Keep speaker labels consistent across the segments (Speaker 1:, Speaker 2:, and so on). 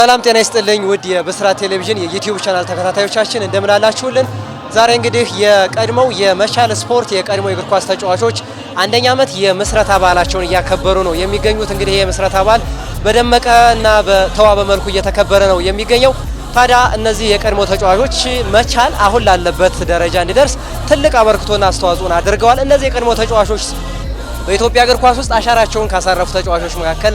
Speaker 1: ሰላም ጤና ይስጥልኝ ውድ የብስራት ቴሌቪዥን የዩቲዩብ ቻናል ተከታታዮቻችን እንደምን አላችሁልን? ዛሬ እንግዲህ የቀድሞው የመቻል ስፖርት የቀድሞ የእግር ኳስ ተጫዋቾች አንደኛ ዓመት የምስረታ በዓላቸውን እያከበሩ ነው የሚገኙት። እንግዲህ የምስረታ አባል በደመቀ እና በተዋበ መልኩ እየተከበረ ነው የሚገኘው። ታዲያ እነዚህ የቀድሞ ተጫዋቾች መቻል አሁን ላለበት ደረጃ እንዲደርስ ትልቅ አበርክቶና አስተዋጽኦን አድርገዋል። እነዚህ የቀድሞ ተጫዋቾች በኢትዮጵያ እግር ኳስ ውስጥ አሻራቸውን ካሳረፉ ተጫዋቾች መካከል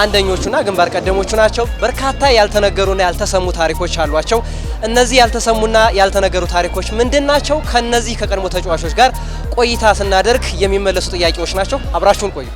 Speaker 1: አንደኞቹና ግንባር ቀደሞቹ ናቸው። በርካታ ያልተነገሩና ያልተሰሙ ታሪኮች አሏቸው። እነዚህ ያልተሰሙና ያልተነገሩ ታሪኮች ምንድን ናቸው? ከነዚህ ከቀድሞ ተጫዋቾች ጋር ቆይታ ስናደርግ የሚመለሱ ጥያቄዎች ናቸው። አብራችሁን ቆዩ።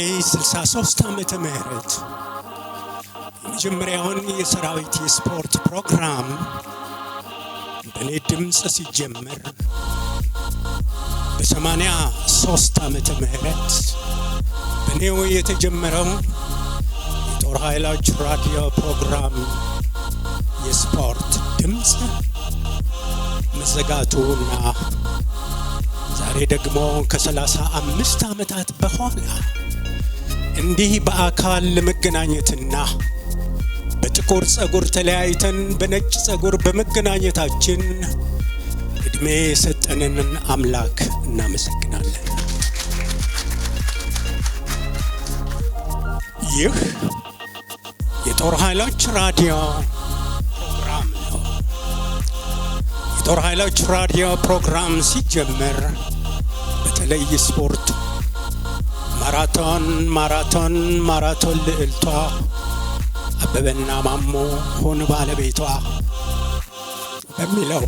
Speaker 2: 63 ዓመተ ምህረት የመጀመሪያውን የሰራዊት የስፖርት ፕሮግራም በእኔ ድምፅ ሲጀመር በ83 ዓመተ ምህረት በኔው የተጀመረው የጦር ኃይሎች ራዲዮ ፕሮግራም የስፖርት ድምፅ መዘጋቱና ዛሬ ደግሞ ከ35 ዓመታት በኋላ እንዲህ በአካል ለመገናኘትና በጥቁር ጸጉር ተለያይተን በነጭ ጸጉር በመገናኘታችን እድሜ የሰጠንን አምላክ እናመሰግናለን። ይህ የጦር ኃይሎች ራዲዮ ፕሮግራም ነው። የጦር ኃይሎች ራዲዮ ፕሮግራም ሲጀመር በተለይ ስፖርት ማራቶን ማራቶን ማራቶን ልዕልቷ አበበና ማሞ ሆን ባለቤቷ በሚለው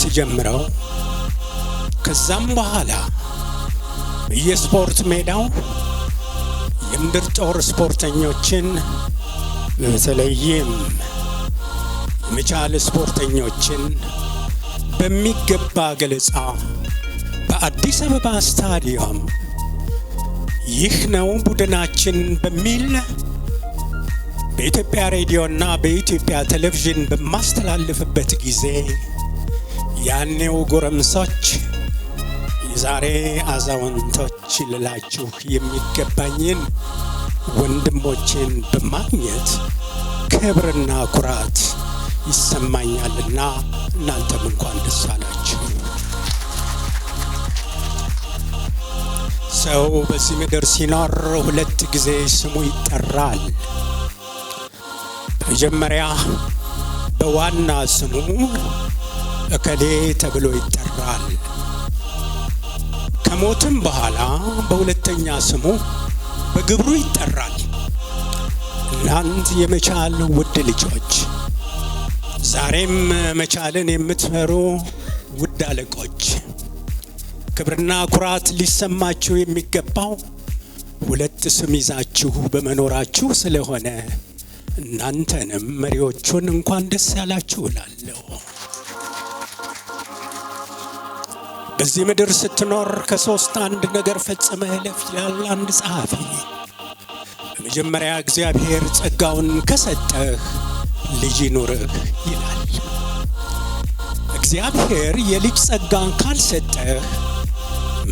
Speaker 2: ሲጀምረው ከዛም በኋላ በየስፖርት ሜዳው የምድር ጦር ስፖርተኞችን በተለይም የመቻል ስፖርተኞችን በሚገባ ገለጻ ከአዲስ አበባ ስታዲየም ይህ ነው ቡድናችን በሚል በኢትዮጵያ ሬዲዮ እና በኢትዮጵያ ቴሌቪዥን በማስተላለፍበት ጊዜ ያኔው ጎረምሶች የዛሬ አዛውንቶች ልላችሁ የሚገባኝን ወንድሞቼን በማግኘት ክብርና ኩራት ይሰማኛልና እናንተም እንኳን ደስ አላችሁ። ሰው በዚህ ምድር ሲኖር ሁለት ጊዜ ስሙ ይጠራል። መጀመሪያ በዋና ስሙ እከሌ ተብሎ ይጠራል። ከሞትም በኋላ በሁለተኛ ስሙ በግብሩ ይጠራል። እናንት የመቻል ውድ ልጆች፣ ዛሬም መቻልን የምትመሩ ውድ አለቆች ክብርና ኩራት ሊሰማችሁ የሚገባው ሁለት ስም ይዛችሁ በመኖራችሁ ስለሆነ እናንተንም መሪዎቹን እንኳን ደስ ያላችሁ እላለሁ። በዚህ ምድር ስትኖር ከሶስት አንድ ነገር ፈጽመህ እለፍ ይላል አንድ ጸሐፊ። በመጀመሪያ እግዚአብሔር ጸጋውን ከሰጠህ ልጅ ይኑርህ ይላል። እግዚአብሔር የልጅ ጸጋን ካልሰጠህ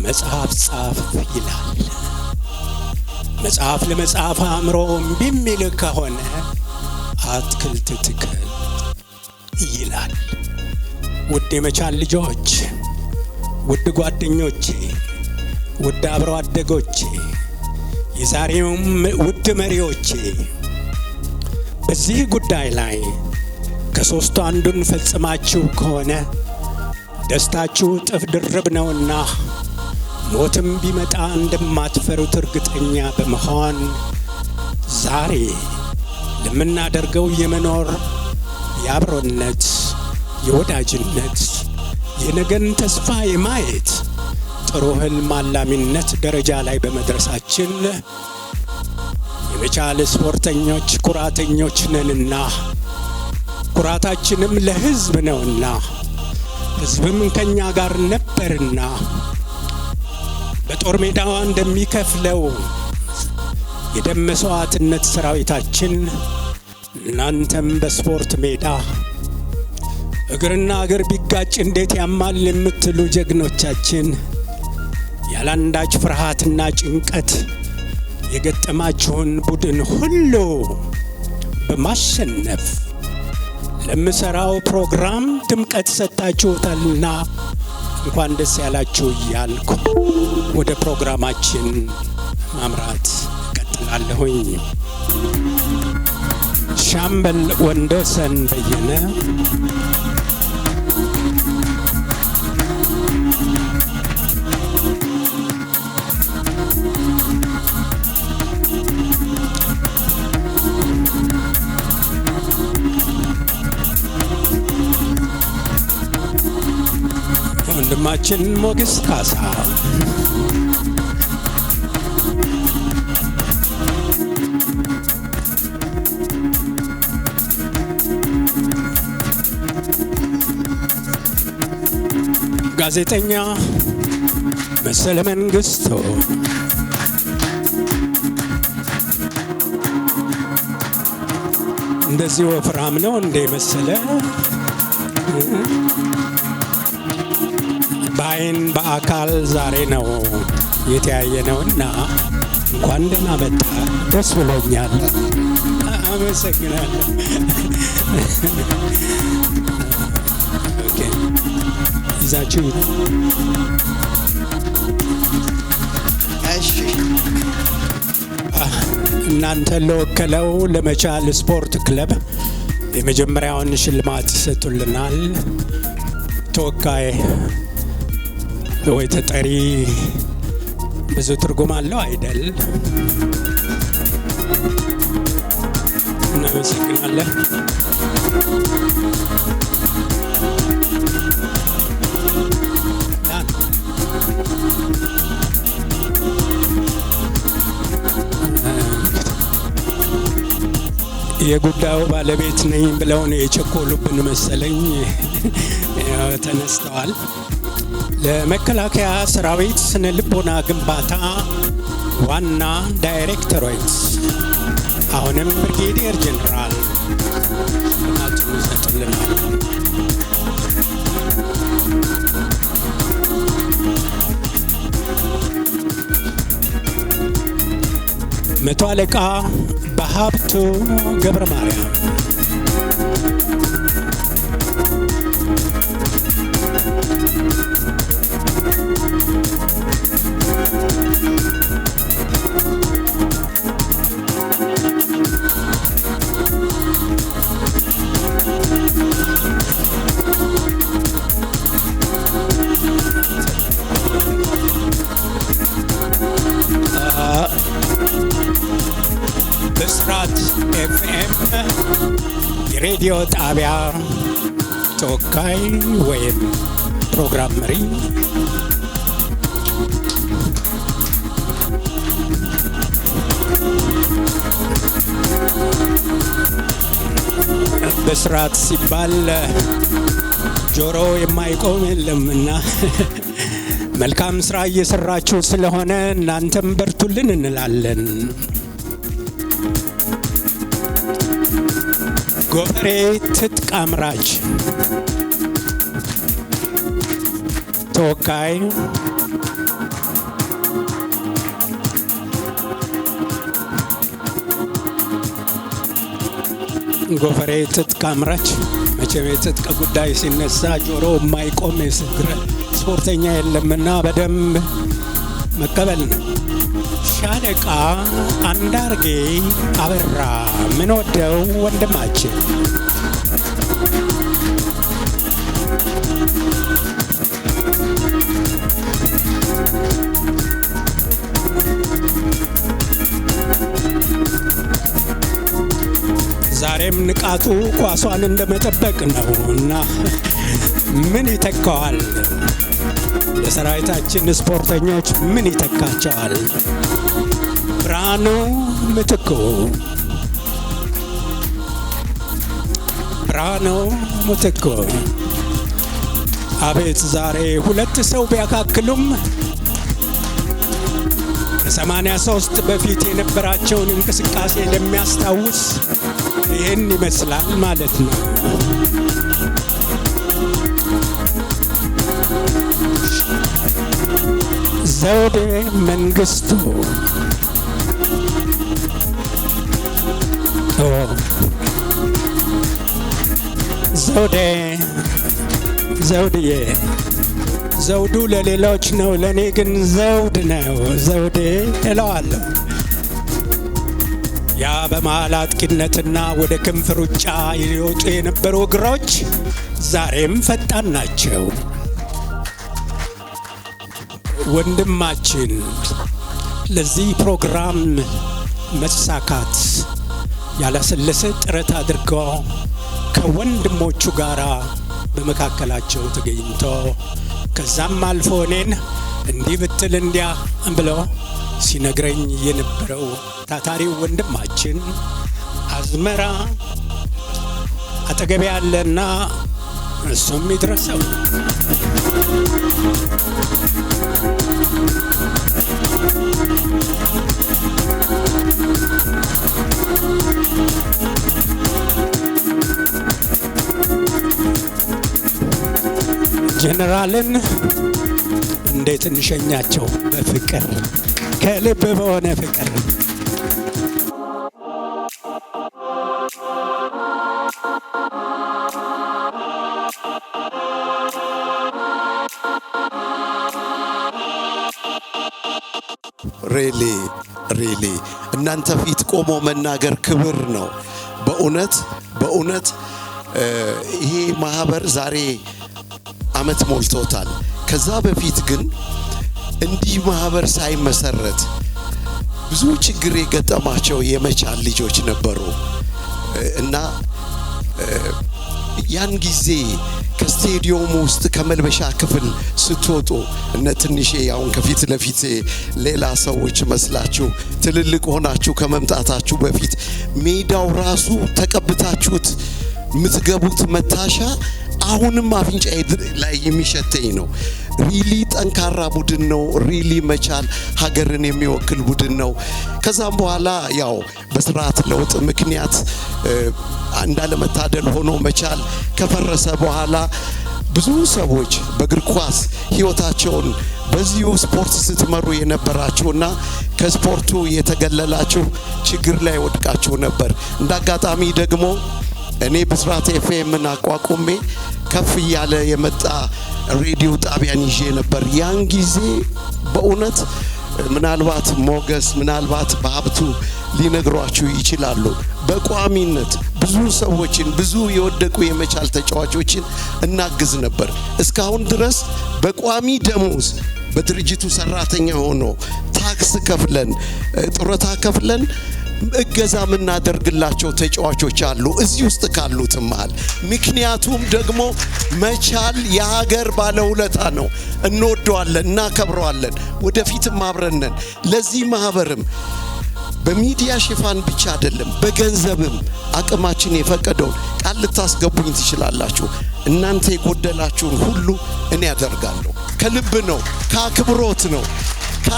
Speaker 2: መጽሐፍ ጻፍ ይላል። መጽሐፍ ለመጽሐፍ አእምሮ እምቢ የሚል ከሆነ አትክልት ትክል ይላል። ውድ የመቻል ልጆች፣ ውድ ጓደኞቼ፣ ውድ አብሮ አደጎቼ፣ የዛሬውም ውድ መሪዎቼ በዚህ ጉዳይ ላይ ከሦስቱ አንዱን ፈጽማችሁ ከሆነ ደስታችሁ ጥፍ ድርብ ነውና ሞትም ቢመጣ እንደማትፈሩት እርግጠኛ በመሆን ዛሬ ለምናደርገው የመኖር የአብሮነት፣ የወዳጅነት፣ የነገን ተስፋ የማየት ጥሩ ህልም አላሚነት ደረጃ ላይ በመድረሳችን የመቻል ስፖርተኞች ኩራተኞች ነንና ኩራታችንም ለህዝብ ነውና ህዝብም ከእኛ ጋር ነበርና በጦር ሜዳዋ እንደሚከፍለው የደም ሰራዊታችን እናንተም በስፖርት ሜዳ እግርና እግር ቢጋጭ እንዴት ያማል የምትሉ ጀግኖቻችን ያላንዳች ፍርሃትና ጭንቀት የገጠማችሁን ቡድን ሁሉ በማሸነፍ ለምሰራው ፕሮግራም ድምቀት ሰጣችሁታልና እንኳን ደስ ያላችሁ እያልኩ ወደ ፕሮግራማችን ማምራት እቀጥላለሁኝ። ሻምበል ወንደሰን በየነ ወንድማችን ሞገስ ካሳ ጋዜጠኛ መሰለ መንግስቶ እንደዚህ ወፍራም ነው እንደ መሰለ ኦንላይን በአካል ዛሬ ነው የተያየ የተያየነውና እንኳን ደህና መጣ። ደስ ብሎኛል። አመሰግናለሁ። ይዛችሁ ለወከለው ለመቻል ስፖርት ክለብ የመጀመሪያውን ሽልማት ይሰጡልናል። ተወካይ ወይ ተጠሪ ብዙ ትርጉም አለው አይደል? እናመሰግናለን። የጉዳዩ ባለቤት ነኝ ብለው ነው የቸኮሉብን መሰለኝ፣ ተነስተዋል። ለመከላከያ ሰራዊት ስነ ልቦና ግንባታ ዋና ዳይሬክተሮች አሁንም ብርጌዲየር ጀኔራል ናቸው መቶ አለቃ በሀብቱ ገብረ ማርያም ኤፍኤም የሬዲዮ ጣቢያ ተወካይ ወይም ፕሮግራም መሪ በስርዓት ሲባል ጆሮ የማይቆም የለም እና መልካም ስራ እየሰራችሁ ስለሆነ እናንተም በርቱልን እንላለን። ጎበሬ ትጥቅ አምራች ተወካይ ጎፈሬ ትጥቅ አምራች መቼም የትጥቅ ጉዳይ ሲነሳ ጆሮ የማይቆም ስፖርተኛ የለምና በደንብ መቀበል ነው። ሻለቃ አንዳርጌ አበራ ምንወደው ወንድማችን ዛሬም ንቃቱ ኳሷን እንደመጠበቅ ነው እና ምን ይተካዋል? የሰራዊታችን ስፖርተኞች ምን ይተካቸዋል? ብርሃኑ ምትኩ ብርሃኑ ምትኩ አቤት ዛሬ ሁለት ሰው ቢያካክሉም ከሰማንያ ሶስት በፊት የነበራቸውን እንቅስቃሴ ለሚያስታውስ ይህን ይመስላል ማለት ነው። ዘውዴ መንግስቱ ጌቶ ዘውዴ ዘውድዬ ዘውዱ ለሌሎች ነው፣ ለእኔ ግን ዘውድ ነው። ዘውዴ እለዋለሁ። ያ በመሃል አጥቂነትና ወደ ክንፍ ሩጫ ይወጡ የነበሩ እግሮች ዛሬም ፈጣን ናቸው። ወንድማችን ለዚህ ፕሮግራም መሳካት ያላሰለሰ ጥረት አድርገው ከወንድሞቹ ጋር በመካከላቸው ተገኝቶ ከዛም አልፎ እኔን እንዲህ ብትል እንዲያ ብሎ ሲነግረኝ የነበረው ታታሪው ወንድማችን አዝመራ አጠገቤ ያለና እሱም ይድረሰው። ጀነራልን እንዴት እንሸኛቸው? በፍቅር ከልብ በሆነ ፍቅር ሬሊ ሬሊ እናንተ ፊት ቆሞ መናገር ክብር ነው። በእውነት በእውነት ይሄ ማህበር ዛሬ አመት ሞልቶታል። ከዛ በፊት ግን እንዲህ ማህበር ሳይመሰረት ብዙ ችግር የገጠማቸው የመቻል ልጆች ነበሩ እና ያን ጊዜ ከስቴዲየም ውስጥ ከመልበሻ ክፍል ስትወጡ እነ ትንሼ አሁን ከፊት ለፊት ሌላ ሰዎች መስላችሁ ትልልቅ ሆናችሁ ከመምጣታችሁ በፊት ሜዳው ራሱ ተቀብታችሁት የምትገቡት መታሻ አሁንም አፍንጫ ላይ የሚሸተኝ ነው። ሪሊ ጠንካራ ቡድን ነው። ሪሊ መቻል ሀገርን የሚወክል ቡድን ነው። ከዛም በኋላ ያው በስርዓት ለውጥ ምክንያት እንዳለመታደል ሆኖ መቻል ከፈረሰ በኋላ ብዙ ሰዎች በእግር ኳስ ህይወታቸውን በዚሁ ስፖርት ስትመሩ የነበራችሁና ከስፖርቱ የተገለላችሁ ችግር ላይ ወድቃችሁ ነበር። እንደ አጋጣሚ ደግሞ እኔ ብስራት ኤፍኤምን አቋቁሜ ከፍ እያለ የመጣ ሬዲዮ ጣቢያን ይዤ ነበር። ያን ጊዜ በእውነት ምናልባት ሞገስ ምናልባት በሀብቱ ሊነግሯችሁ ይችላሉ። በቋሚነት ብዙ ሰዎችን ብዙ የወደቁ የመቻል ተጫዋቾችን እናግዝ ነበር። እስካሁን ድረስ በቋሚ ደሞዝ በድርጅቱ ሰራተኛ ሆኖ ታክስ ከፍለን ጡረታ ከፍለን እገዛ የምናደርግላቸው ተጫዋቾች አሉ እዚህ ውስጥ ካሉት መሃል። ምክንያቱም ደግሞ መቻል የሀገር ባለውለታ ነው። እንወደዋለን፣ እናከብረዋለን። ወደፊትም አብረነን ለዚህ ማህበርም በሚዲያ ሽፋን ብቻ አይደለም፣ በገንዘብም አቅማችን የፈቀደውን ቃል ልታስገቡኝ ትችላላችሁ። እናንተ የጎደላችሁን ሁሉ እኔ ያደርጋለሁ። ከልብ ነው፣ ከአክብሮት ነው።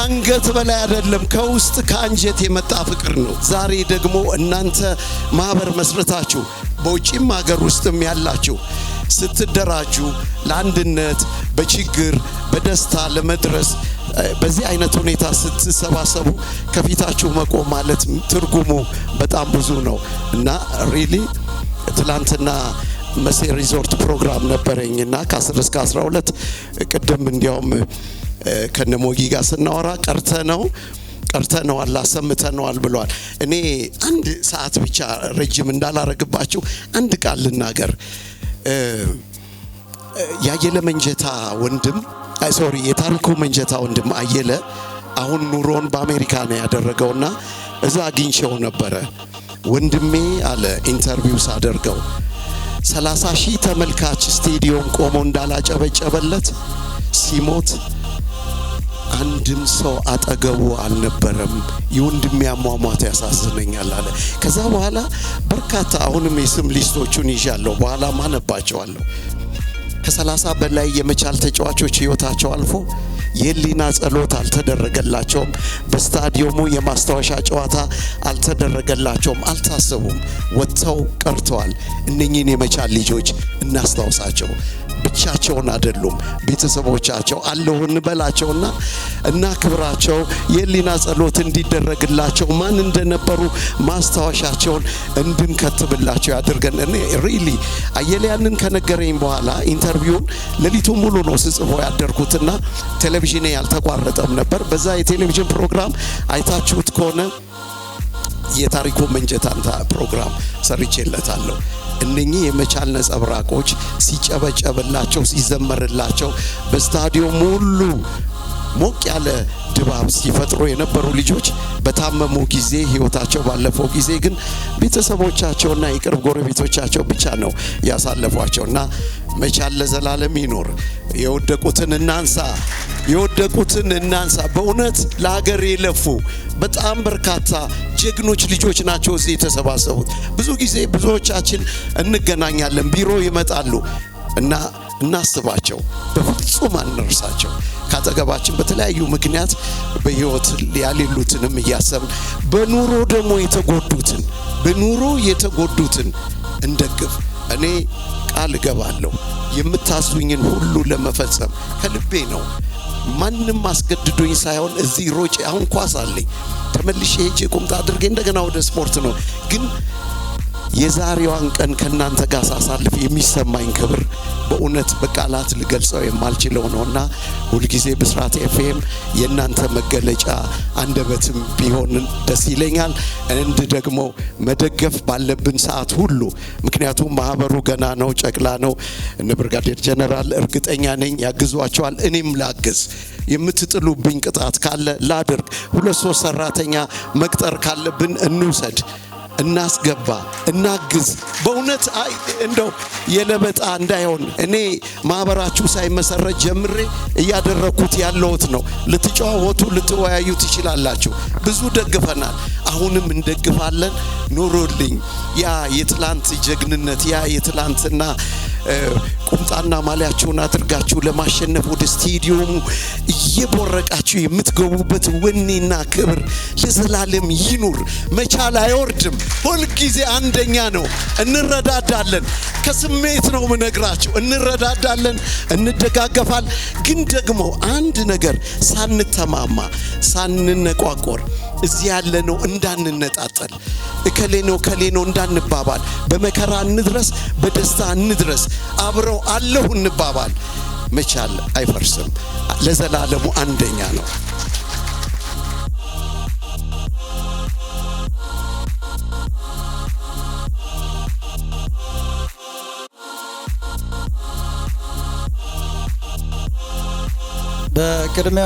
Speaker 2: ከአንገት በላይ አይደለም፣ ከውስጥ ከአንጀት የመጣ ፍቅር ነው። ዛሬ ደግሞ እናንተ ማህበር መስረታችሁ በውጭም ሀገር ውስጥም ያላችሁ ስትደራጁ ለአንድነት በችግር በደስታ ለመድረስ በዚህ አይነት ሁኔታ ስትሰባሰቡ ከፊታችሁ መቆም ማለት ትርጉሙ በጣም ብዙ ነው እና ሪሊ ትላንትና መሴ ሪዞርት ፕሮግራም ነበረኝ እና ከ10 እስከ 12 ቅድም እንዲያውም ከነ ሞጊ ጋር ስናወራ ቀርተ ነው ቀርተነዋል አሰምተነዋል ብለዋል። እኔ አንድ ሰዓት ብቻ ረጅም እንዳላረግባችሁ አንድ ቃል ልናገር። ያየለ መንጀታ ወንድም ሶሪ የታሪኩ መንጀታ ወንድም አየለ አሁን ኑሮን በአሜሪካ ነው ያደረገውና እዛ አግኝቼው ነበረ። ወንድሜ አለ ኢንተርቪው ሳደርገው 30 ሺህ ተመልካች ስቴዲዮም ቆሞ እንዳላጨበጨበለት ሲሞት አንድም ሰው አጠገቡ አልነበረም። የወንድሜ አሟሟት ያሳዝነኛል አለ። ከዛ በኋላ በርካታ አሁንም የስም ሊስቶቹን ይዣለሁ፣ በኋላ ማነባቸዋለሁ። ከሰላሳ በላይ የመቻል ተጫዋቾች ህይወታቸው አልፎ የህሊና ጸሎት አልተደረገላቸውም። በስታዲየሙ የማስታወሻ ጨዋታ አልተደረገላቸውም፣ አልታሰቡም፣ ወጥተው ቀርተዋል። እነኚህን የመቻል ልጆች እናስታውሳቸው። ብቻቸውን አይደሉም፣ ቤተሰቦቻቸው አለሁን በላቸውና እና ክብራቸው የሊና ጸሎት እንዲደረግላቸው ማን እንደነበሩ ማስታወሻቸውን እንድንከትብላቸው ያድርገን። እኔ ሪሊ አየለ ያንን ከነገረኝ በኋላ ኢንተርቪውን ሌሊቱ ሙሉ ነው ስጽፎ ያደርኩትና ቴሌቪዥኔ ያልተቋረጠም ነበር። በዛ የቴሌቪዥን ፕሮግራም አይታችሁት ከሆነ የታሪኩ መንጀታንታ ፕሮግራም ሰርቼለታለሁ። እነኚህ የመቻል ነጸብራቆች ሲጨበጨብላቸው ሲዘመርላቸው በስታዲየሙ ሁሉ ሞቅ ያለ ድባብ ሲፈጥሩ የነበሩ ልጆች በታመሙ ጊዜ ህይወታቸው ባለፈው ጊዜ ግን ቤተሰቦቻቸውና የቅርብ ጎረቤቶቻቸው ብቻ ነው ያሳለፏቸውና መቻል ለዘላለም ይኖር። የወደቁትን እናንሳ፣ የወደቁትን እናንሳ። በእውነት ለሀገር የለፉ በጣም በርካታ ጀግኖች ልጆች ናቸው እዚህ የተሰባሰቡት። ብዙ ጊዜ ብዙዎቻችን እንገናኛለን፣ ቢሮ ይመጣሉ እና እናስባቸው፣ በፍጹም አንርሳቸው። ካጠገባችን በተለያዩ ምክንያት በህይወት ያሌሉትንም እያሰብን በኑሮ ደግሞ የተጎዱትን በኑሮ የተጎዱትን እንደግፍ። እኔ ቃል እገባለሁ የምታስቡኝን ሁሉ ለመፈጸም ከልቤ ነው። ማንም አስገድዶኝ ሳይሆን እዚህ ሮጬ አሁን ኳስ አለኝ ተመልሼ ሄጄ ቁምጣ አድርጌ እንደገና ወደ ስፖርት ነው ግን የዛሬዋን ቀን ከእናንተ ጋር ሳሳልፍ የሚሰማኝ ክብር በእውነት በቃላት ልገልጸው የማልችለው ነውና ሁልጊዜ ብስራት ኤፍኤም የእናንተ መገለጫ አንደበትም ቢሆን ደስ ይለኛል። እንድ ደግሞ መደገፍ ባለብን ሰዓት ሁሉ ምክንያቱም ማህበሩ ገና ነው፣ ጨቅላ ነው። እነ ብርጋዴር ጀነራል እርግጠኛ ነኝ ያግዟቸዋል። እኔም ላግዝ የምትጥሉብኝ ቅጣት ካለ ላድርግ። ሁለት ሶስት ሰራተኛ መቅጠር ካለብን እንውሰድ። እናስገባ፣ እናግዝ። በእውነት አይ እንደው የለበጣ እንዳይሆን እኔ ማህበራችሁ ሳይመሰረት ጀምሬ እያደረግኩት ያለሁት ነው። ልትጨዋወቱ ልትወያዩ ትችላላችሁ። ብዙ ደግፈናል፣ አሁንም እንደግፋለን። ኑሮልኝ ያ የትላንት ጀግንነት ያ የትላንትና ቁምጣና ማሊያችሁን አድርጋችሁ ለማሸነፍ ወደ ስቴዲየሙ እየቦረቃችሁ የምትገቡበት ወኔና ክብር ለዘላለም ይኑር። መቻል አይወርድም። ሁልጊዜ አንደኛ ነው። እንረዳዳለን። ከስሜት ነው ምነግራችሁ። እንረዳዳለን፣ እንደጋገፋል። ግን ደግሞ አንድ ነገር ሳንተማማ፣ ሳንነቋቆር እዚህ ያለ ነው እንዳንነጣጠል፣ እከሌ ነው እከሌ ነው እንዳንባባል፣ በመከራ እንድረስ፣ በደስታ እንድረስ፣ አብረው አለሁ እንባባል። መቻል አይፈርስም፣ ለዘላለሙ አንደኛ ነው።
Speaker 1: በቅድሚያ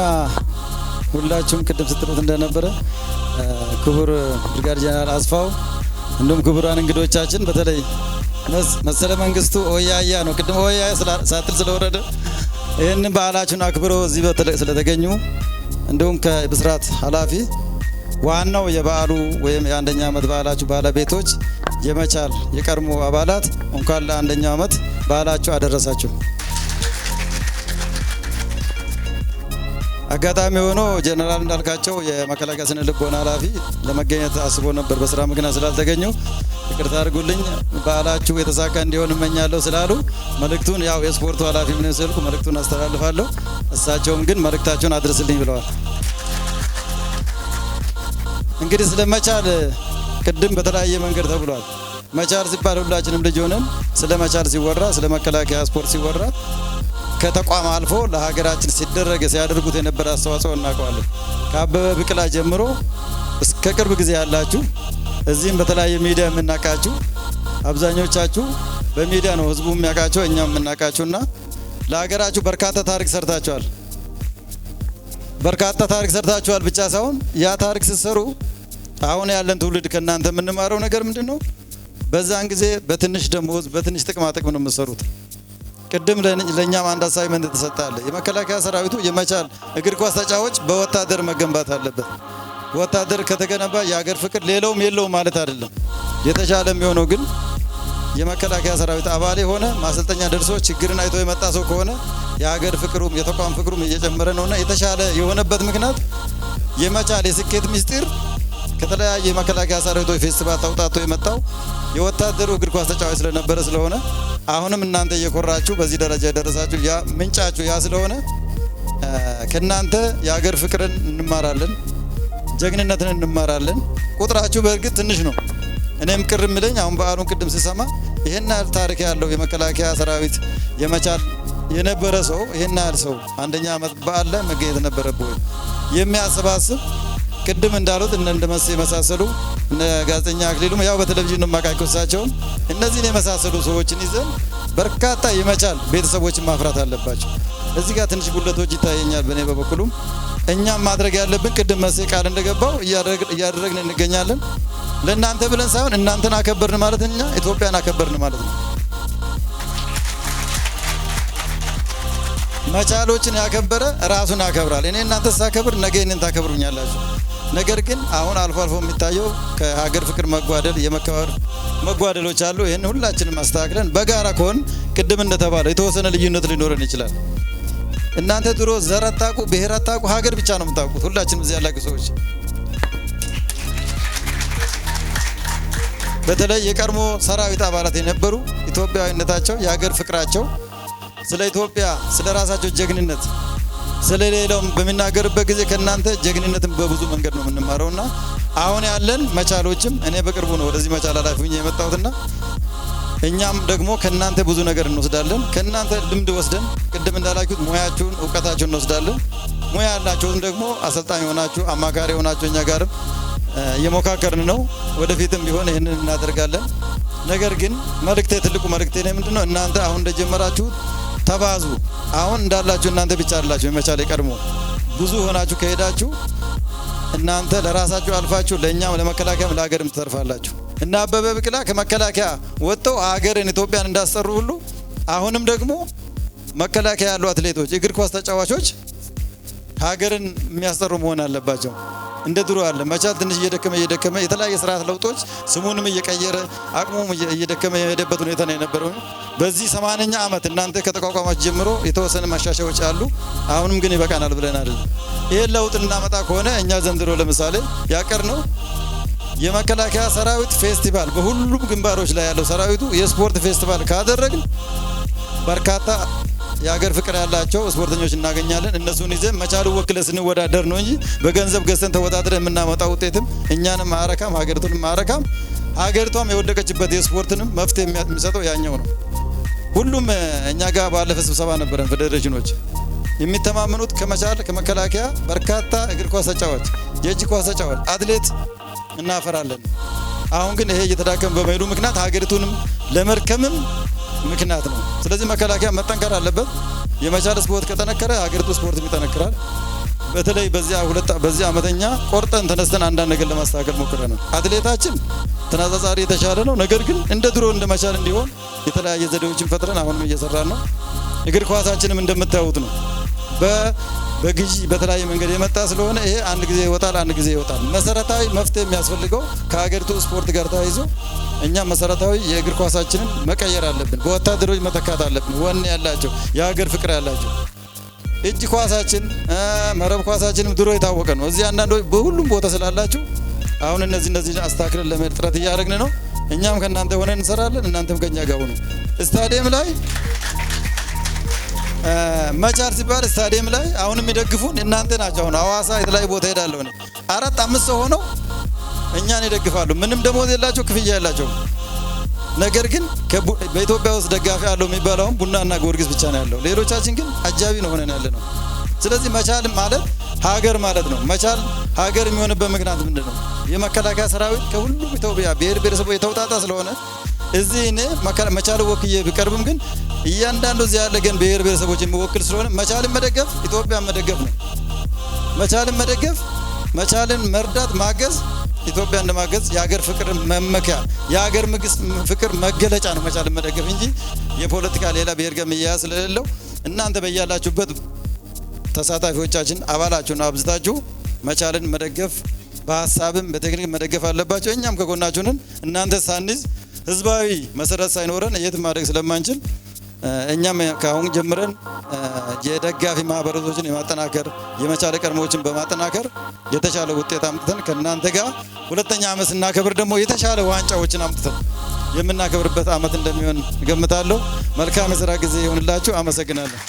Speaker 1: ሁላችሁም ቅድም ስትሉት እንደነበረ ክቡር ብርጋድ ጀነራል አስፋው እንዲሁም ክቡራን እንግዶቻችን በተለይ መሰለ መንግስቱ ኦያያ ነው። ቅድም ኦያያ ሳትል ስለወረደ ይህንን በዓላችሁን አክብሮ እዚህ ስለተገኙ እንዲሁም ከብስራት ኃላፊ ዋናው የበዓሉ ወይም የአንደኛ ዓመት በዓላችሁ ባለቤቶች የመቻል የቀድሞ አባላት እንኳን ለአንደኛው ዓመት በዓላችሁ አደረሳችሁ። አጋጣሚ ሆኖ ጀነራል እንዳልካቸው የመከላከያ ስነ ልቦና ኃላፊ ለመገኘት አስቦ ነበር፣ በስራ ምክንያት ስላልተገኙ ይቅርታ አድርጉልኝ። በዓላችሁ የተሳካ እንዲሆን እመኛለሁ ስላሉ መልእክቱን ያው የስፖርቱ ኃላፊ ምን ስልኩ መልእክቱን አስተላልፋለሁ። እሳቸውም ግን መልእክታቸውን አድርስልኝ ብለዋል። እንግዲህ ስለመቻል ቅድም በተለያየ መንገድ ተብሏል። መቻል ሲባል ሁላችንም ልጅ ሆነን ስለ መቻል ሲወራ ስለ መከላከያ ስፖርት ሲወራ ከተቋም አልፎ ለሀገራችን ሲደረግ ሲያደርጉት የነበረ አስተዋጽኦ እናውቀዋለን። ከአበበ ብቅላ ጀምሮ እስከ ቅርብ ጊዜ ያላችሁ እዚህም በተለያየ ሚዲያ የምናውቃችሁ አብዛኞቻችሁ በሚዲያ ነው ህዝቡ የሚያውቃቸው እኛም የምናውቃችሁና ለሀገራችሁ በርካታ ታሪክ ሰርታችኋል። በርካታ ታሪክ ሰርታችኋል ብቻ ሳይሆን ያ ታሪክ ስትሰሩ አሁን ያለን ትውልድ ከእናንተ የምንማረው ነገር ምንድን ነው? በዛን ጊዜ በትንሽ ደሞዝ በትንሽ ጥቅማ ጥቅም ነው የምትሰሩት። ቅድም ለእኛም አንድ አሳይመንት ተሰጣለ የመከላከያ ሰራዊቱ የመቻል እግር ኳስ ተጫዋች በወታደር መገንባት አለበት። ወታደር ከተገነባ የሀገር ፍቅር ሌላውም የለውም ማለት አይደለም። የተሻለ የሚሆነው ግን የመከላከያ ሰራዊት አባል የሆነ ማሰልጠኛ ደርሶ ችግርን አይቶ የመጣ ሰው ከሆነ የሀገር ፍቅሩም የተቋም ፍቅሩም እየጨመረ ነውና የተሻለ የሆነበት ምክንያት የመቻል የስኬት ምስጢር ከተለያየ የመከላከያ ሰራዊቶች ፌስቲቫል ተውጣቶ የመጣው የወታደሩ እግር ኳስ ተጫዋች ስለነበረ ስለሆነ አሁንም እናንተ እየኮራችሁ በዚህ ደረጃ የደረሳችሁ ያ ምንጫችሁ ያ ስለሆነ ከእናንተ የሀገር ፍቅርን እንማራለን፣ ጀግንነትን እንማራለን። ቁጥራችሁ በእርግጥ ትንሽ ነው። እኔም ቅር የሚለኝ አሁን በዓሉን ቅድም ስሰማ ይህን ያህል ታሪክ ያለው የመከላከያ ሰራዊት የመቻል የነበረ ሰው ይህን ያህል ሰው አንደኛ ዓመት በዓል ላይ መገኘት ነበረብህ የሚያሰባስብ ቅድም እንዳሉት እነ እንደመስ የመሳሰሉ ጋዜጠኛ አክሊሉ ያው በቴሌቪዥን ማቃቸው እሳቸውን እነዚህን የመሳሰሉ ሰዎችን ይዘን በርካታ ይመቻል ቤተሰቦችን ማፍራት አለባቸው። እዚህ ጋር ትንሽ ጉለቶች ይታየኛል። በእኔ በበኩሉም እኛም ማድረግ ያለብን ቅድም መሴ ቃል እንደገባው እያደረግን እንገኛለን። ለእናንተ ብለን ሳይሆን እናንተን አከበርን ማለት እኛ ኢትዮጵያን አከበርን ማለት ነው። መቻሎችን ያከበረ ራሱን ያከብራል። እኔ እናንተ ሳከብር ነገ እኔን ታከብሩኛላችሁ። ነገር ግን አሁን አልፎ አልፎ የሚታየው ከሀገር ፍቅር መጓደል፣ የመከባበር መጓደሎች አሉ። ይህን ሁላችንም አስተካክለን በጋራ ከሆን ቅድም እንደተባለ የተወሰነ ልዩነት ሊኖረን ይችላል። እናንተ ድሮ ዘር አታውቁ፣ ብሔር አታውቁ፣ ሀገር ብቻ ነው የምታውቁት። ሁላችንም እዚህ ያላችሁ ሰዎች በተለይ የቀድሞ ሰራዊት አባላት የነበሩ ኢትዮጵያዊነታቸው የሀገር ፍቅራቸው ስለ ኢትዮጵያ ስለ ራሳቸው ጀግንነት ስለሌለውም በሚናገርበት ጊዜ ከእናንተ ጀግንነትን በብዙ መንገድ ነው እና አሁን ያለን መቻሎችም እኔ በቅርቡ ነው ወደዚህ መቻል ኃላፊ ሆኜ የመጣሁትና እኛም ደግሞ ከእናንተ ብዙ ነገር እንወስዳለን። ከእናንተ ልምድ ወስደን ቅድም እንዳላችሁት ሙያችሁን፣ እውቀታችሁን እንወስዳለን። ሙያ ያላችሁም ደግሞ አሰልጣኝ የሆናችሁ አማካሪ የሆናችሁ እኛ ጋርም እየሞካከርን ነው። ወደፊትም ቢሆን ይህንን እናደርጋለን። ነገር ግን መልእክቴ፣ ትልቁ መልእክቴ ነው ምንድነው እናንተ አሁን እንደጀመራችሁት ተባዙ። አሁን እንዳላችሁ እናንተ ብቻ አላችሁ። መቻል ቀድሞ ብዙ ሆናችሁ ከሄዳችሁ እናንተ ለራሳችሁ አልፋችሁ ለእኛም ለመከላከያም ለሀገርም ትተርፋላችሁ። እና አበበ ብቅላ ከመከላከያ ወጥተው ሀገርን ኢትዮጵያን እንዳሰሩ ሁሉ አሁንም ደግሞ መከላከያ ያሉ አትሌቶች፣ እግር ኳስ ተጫዋቾች ሀገርን የሚያሰሩ መሆን አለባቸው። እንደ ድሮ አለ መቻል ትንሽ እየደከመ እየደከመ የተለያየ ስርዓት ለውጦች ስሙንም እየቀየረ አቅሙም እየደከመ የሄደበት ሁኔታ ነው የነበረው። በዚህ ሰማንያኛ ዓመት እናንተ ከተቋቋማች ጀምሮ የተወሰነ ማሻሻዎች አሉ። አሁንም ግን ይበቃናል ብለን አይደለም። ይህን ለውጥ እናመጣ ከሆነ እኛ ዘንድሮ ለምሳሌ ያቀር ነው የመከላከያ ሰራዊት ፌስቲቫል በሁሉም ግንባሮች ላይ ያለው ሰራዊቱ የስፖርት ፌስቲቫል ካደረግን በርካታ የሀገር ፍቅር ያላቸው ስፖርተኞች እናገኛለን። እነሱን ይዘን መቻሉ ወክለ ስንወዳደር ነው እንጂ በገንዘብ ገዝተን ተወዳድረን የምናመጣው ውጤትም እኛንም አረካም ሀገሪቱንም አረካም ሀገሪቷም የወደቀችበት የስፖርትንም መፍትሄ የሚሰጠው ያኛው ነው። ሁሉም እኛ ጋር ባለፈ ስብሰባ ነበረን ፌዴሬሽኖች የሚተማመኑት ከመቻል ከመከላከያ በርካታ እግር ኳስ ተጫዋች፣ የእጅ ኳስ ተጫዋች፣ አትሌት እናፈራለን። አሁን ግን ይሄ እየተዳከመ በመሄዱ ምክንያት ሀገሪቱንም ለመርከምም ምክንያት ነው። ስለዚህ መከላከያ መጠንከር አለበት። የመቻል ስፖርት ከጠነከረ ሀገሪቱ ስፖርት ይጠነክራል። በተለይ በዚያ ሁለት በዚያ አመተኛ ቆርጠን ተነስተን አንዳንድ ነገር ለማስተካከል ሞክረናል። አትሌታችን ተነጻጻሪ የተሻለ ነው። ነገር ግን እንደ ድሮ እንደመቻል እንዲሆን የተለያየ ዘዴዎችን ፈጥረን አሁንም እየሰራን ነው። እግር ኳሳችንም እንደምታዩት ነው። በግዢ በተለያየ መንገድ የመጣ ስለሆነ ይሄ አንድ ጊዜ ይወጣል፣ አንድ ጊዜ ይወጣል። መሰረታዊ መፍትሄ የሚያስፈልገው ከሀገሪቱ ስፖርት ጋር ተያይዞ እኛ መሰረታዊ የእግር ኳሳችንን መቀየር አለብን። በወታደሮች መተካት አለብን። ወኔ ያላቸው የሀገር ፍቅር ያላቸው እጅ ኳሳችን፣ መረብ ኳሳችንም ድሮ የታወቀ ነው። እዚህ አንዳንዶች በሁሉም ቦታ ስላላችሁ አሁን እነዚህ እነዚህ አስተካክለን ለመሄድ ጥረት እያደረግን ነው። እኛም ከእናንተ ሆነ እንሰራለን፣ እናንተም ከኛ ጋር ሆኑ። ስታዲየም ላይ መቻል ሲባል ስታዲየም ላይ አሁን የሚደግፉን እናንተ ናቸው። አሁን አዋሳ የተለያዩ ቦታ ሄዳለሁ አራት አምስት ሰው ሆነው እኛን ይደግፋሉ። ምንም ደሞዝ የላቸው፣ ክፍያ የላቸው። ነገር ግን በኢትዮጵያ ውስጥ ደጋፊ አለው የሚባለውን ቡናና ጊዮርጊስ ብቻ ነው ያለው። ሌሎቻችን ግን አጃቢ ነው ሆነን ያለ ነው። ስለዚህ መቻል ማለት ሀገር ማለት ነው። መቻል ሀገር የሚሆንበት ምክንያት ምንድን ነው? የመከላከያ ሰራዊት ከሁሉም ኢትዮጵያ ብሔር ብሔረሰቦች የተውጣጣ ስለሆነ እኔ መቻል ወክዬ ቢቀርብም ግን እያንዳንዱ እዚህ ያለ ግን ብሔር ብሔረሰቦች የሚወክል ስለሆነ መቻልን መደገፍ ኢትዮጵያን መደገፍ ነው። መቻልን መደገፍ፣ መቻልን መርዳት፣ ማገዝ ኢትዮጵያ እንደማገዝ የሀገር ፍቅር መመኪያ የሀገር ምግስ ፍቅር መገለጫ ነው መቻልን መደገፍ እንጂ የፖለቲካ ሌላ ብሔር ጋር መያያዝ ስለሌለው እናንተ በያላችሁበት ተሳታፊዎቻችን አባላችሁን አብዝታችሁ መቻልን መደገፍ በሀሳብም በቴክኒክ መደገፍ አለባቸው። እኛም ከጎናችሁንን እናንተ ሳንይዝ ህዝባዊ መሰረት ሳይኖረን የት ማድረግ ስለማንችል እኛም ከአሁን ጀምረን የደጋፊ ማህበረቶችን የማጠናከር የመቻለ ቀድሞዎችን በማጠናከር የተሻለ ውጤት አምጥተን ከእናንተ ጋር ሁለተኛ ዓመት ስናከብር ደግሞ የተሻለ ዋንጫዎችን አምጥተን የምናከብርበት ዓመት እንደሚሆን እገምታለሁ። መልካም የስራ ጊዜ ይሆንላችሁ። አመሰግናለሁ።